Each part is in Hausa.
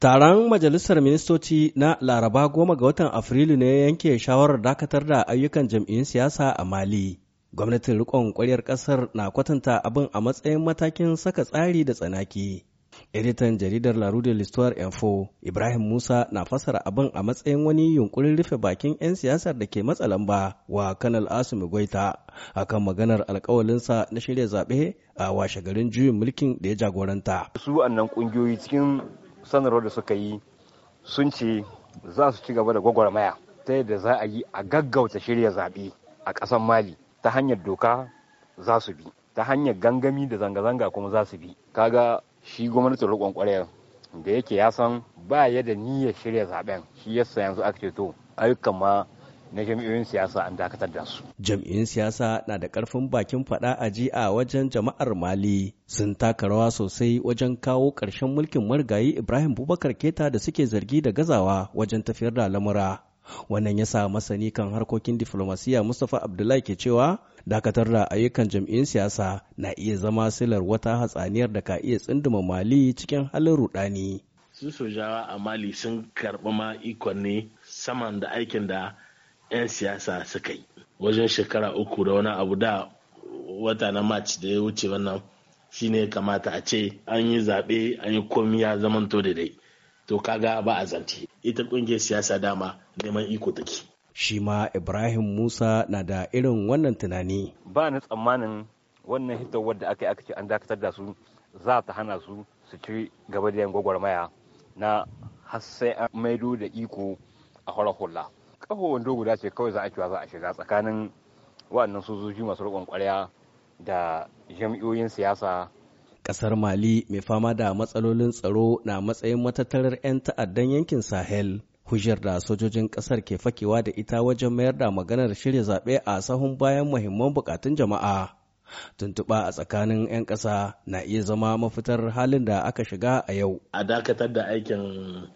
Taron Majalisar Ministoci na Laraba goma ga watan Afrilu ne yanke shawarar dakatar da ayyukan jam'iyyun siyasa a Mali. Gwamnatin rikon ƙwaryar ƙasar na kwatanta abin a matsayin matakin saka tsari da tsanaki. Editan jaridar La Rue Info, Ibrahim Musa na fasara abin a matsayin wani yunkurin rufe bakin 'yan siyasar da ke matsa lamba wa Kanal Asimi Goita kan maganar alkawalinsa na shirya zaɓe a washe garin juyin mulkin da ya jagoranta. Su annan ƙungiyoyi cikin sanarwar da suka yi sun ce za su ci gaba da gwagwarmaya ta yadda za a yi a gaggauta shirya zaɓe a ƙasar mali ta hanyar doka za su bi ta hanyar gangami da zanga-zanga kuma za su bi kaga shi gwamnatin riƙon ƙwarya da yake ya san ba ya da niyyar shirya zaɓen shi yasa yanzu aka ce to ayyukan ma na jami'in siyasa an dakatar da su. Jam'iyyun siyasa na da ƙarfin bakin faɗa a jiya wajen jama'ar Mali sun taka rawa sosai wajen kawo ƙarshen mulkin marigayi Ibrahim Bubakar Keta da suke zargi da gazawa wajen tafiyar da lamura. Wannan ya sa masani kan harkokin diflomasiya Mustapha Abdullahi ke cewa dakatar da ayyukan jam'iyyun siyasa na iya zama silar wata hatsaniyar da ka iya tsinduma Mali cikin halin rudani. Su sojawa a Mali sun karɓi ma ikon ne saman da aikin da 'yan siyasa suka yi wajen shekara uku da wani abu da wata na march da ya wuce wannan shine kamata a ce an yi zaɓe an yi komi ya to da dai to kaga ba a zance ita kungiyar siyasa dama neman iko take shi ma ibrahim musa na da irin wannan tunani ba ni tsammanin wannan hitowar da aka yi aka ce an dakatar da su za ta hana su su ci gaba da yan gwagwarmaya na har sai maido da iko a hula kafa wando guda ce kawai za a cewa za a shiga tsakanin wa'annan sojoji masu riƙon ƙwarya da jam'iyoyin siyasa Ƙasar mali mai fama da matsalolin tsaro na matsayin matattarar 'yan ta'addan yankin sahel hujjar da sojojin ƙasar ke fakewa da ita wajen mayar da maganar shirya zaɓe a sahun bayan muhimman buƙatun jama'a tuntuɓa a tsakanin 'yan ƙasa na iya zama mafitar halin da aka shiga a yau a dakatar da aikin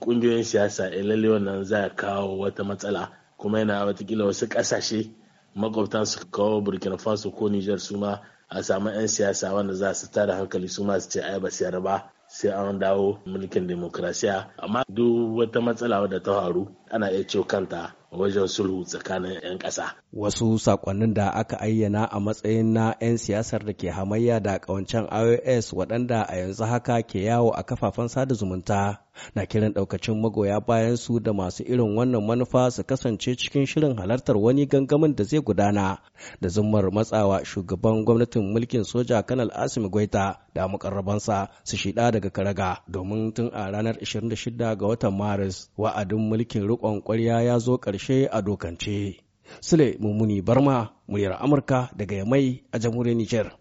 ƙungiyoyin siyasa eh, lalle wannan za kawo wata matsala kuma yana watakila wasu kasashe makwabtan su kawo burkina faso ko nijar su ma a samu 'yan siyasa wanda za su tara hankali su ma su ce ai ba su ba sai an dawo mulkin demokrasiya amma duk wata matsala wadda ta faru ana iya ciwo kanta wajen sulhu tsakanin 'yan ƙasa. Wasu sakonnin da aka ayyana a matsayin na 'yan siyasar da ke hamayya da ƙawancen IOS waɗanda a yanzu haka ke yawo a kafafen sada zumunta na kiran daukacin magoya bayan su da masu irin wannan manufa su kasance cikin shirin halartar wani gangamin da zai gudana da zummar matsawa shugaban gwamnatin mulkin soja kanal asim gwaita da mukarrabansa su shida daga karaga domin tun a ranar 26 ga watan maris wa'adin mulkin rikon kwarya ya zo karshe a dokance sule mummuni barma muryar amurka daga yamai a jamhuriyar niger